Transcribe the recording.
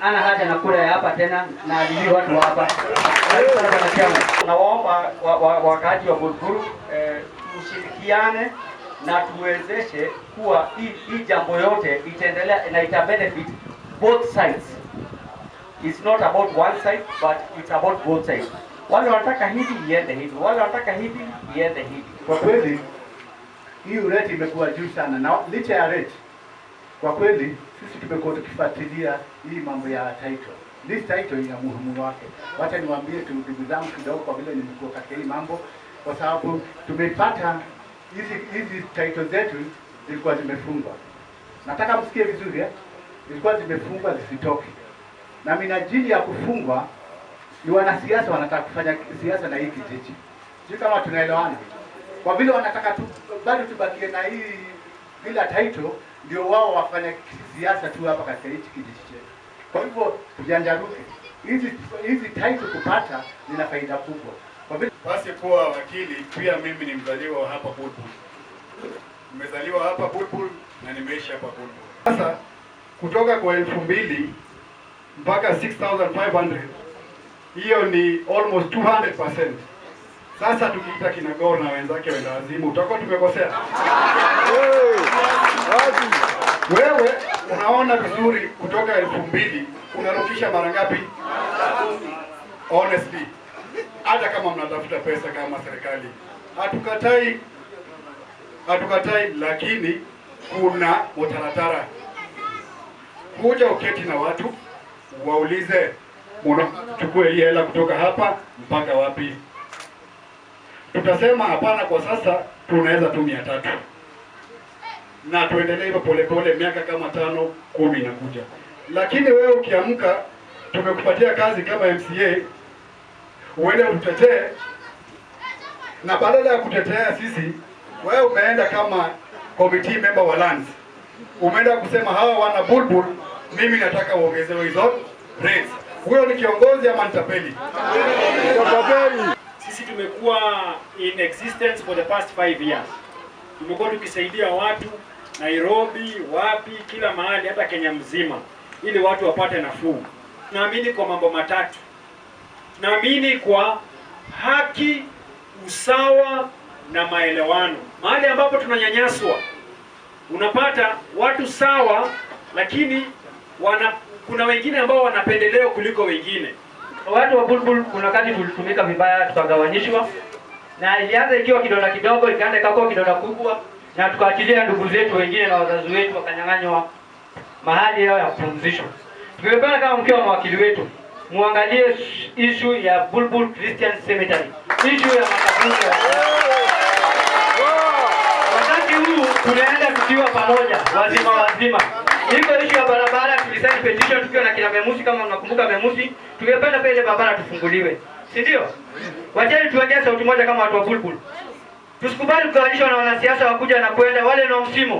Ana haja na kura ya hapa tena na ajili watu wa hapa. Nawaomba wakaaji wa Burguru eh, mshirikiane na tuwezeshe kuwa hii jambo yote itaendelea na ita benefit both sides. It's not about one side but it's about both sides. Wale wanataka hivi iende hivi, wale wanataka hivi iende hivi. Kwa kweli hii rate imekuwa juu sana na licha ya rate kwa kweli sisi tumekuwa tukifuatilia hii mambo ya title. This title ina muhimu wake. Wacha niwaambie tu ndugu zangu kidogo, kwa vile nimekuwa katika hii mambo, kwa sababu tumepata hizi hizi title zetu zilikuwa zimefungwa. Nataka msikie vizuri eh? Zilikuwa zimefungwa zisitoke, na minajili ya kufungwa ni wanasiasa wanataka kufanya siasa na hii kijiji. sio kama tunaelewana, kwa vile wanataka tu bado tubakie na hii bila title ndio wao wafanya siasa tu hapa katika hichi kijiji chetu. Kwa hivyo tujanjaruke, hizi hizi title kupata zina faida kubwa. Kwa vile basi kuwa wakili, pia mimi ni mzaliwa hapa Bulbul, nimezaliwa hapa Bulbul na nimeishi hapa Bulbul. Sasa kutoka kwa elfu mbili mpaka 6500 hiyo ni almost 200%. Sasa tukiita kinagoro na wenzake wazimu utakuwa tumekosea kazi. Wewe unaona vizuri kutoka elfu mbili unarukisha mara ngapi? Honestly, hata kama mnatafuta pesa kama serikali, hatukatai, hatukatai, lakini kuna utaratara. Kuja uketi na watu waulize, unachukue hii hela kutoka hapa mpaka wapi? Tutasema hapana, kwa sasa tunaweza tu mia tatu na tuendelee hivyo polepole, miaka kama tano kumi inakuja. Lakini wewe ukiamka, tumekupatia kazi kama MCA, uende utetee, na badala ya kutetea sisi, wewe umeenda kama committee member wa lands, umeenda kusema hawa wana bulbul, mimi nataka uongezewe hizo rates. Huyo ni kiongozi ama nitapeli? Sisi tumekuwa in existence for the past 5 years, tumekuwa tukisaidia watu Nairobi, wapi, kila mahali, hata Kenya mzima, ili watu wapate nafuu. Naamini kwa mambo matatu. Naamini kwa haki, usawa na maelewano. Mahali ambapo tunanyanyaswa, unapata watu sawa, lakini wana, kuna wengine ambao wanapendeleo kuliko wengine. Watu wa Bulbul kuna kati tulitumika vibaya, tukagawanyishwa, na ilianza ikiwa kidonda kidogo, ikaenda ikakuwa kidonda kubwa na tukaachilia ndugu zetu wengine na wazazi wetu wakanyang'anywa mahali yao ya kupumzishwa. Tumepana kama mkiwa mawakili wetu muangalie ishu ya Bulbul Christian Cemetery, ishu ya makaburi wakati huu tunaenda tukiwa pamoja wazima wazima. Iko ishu ya barabara, tulisaini petition tukiwa na kina Memusi, kama mnakumbuka Memusi, tungependa pia ile barabara tufunguliwe, si ndio? Wacheni tuongee sauti moja kama watu wa Bulbul. Tusikubali kukalishwa na wanasiasa wakuja na kwenda, wale na msimu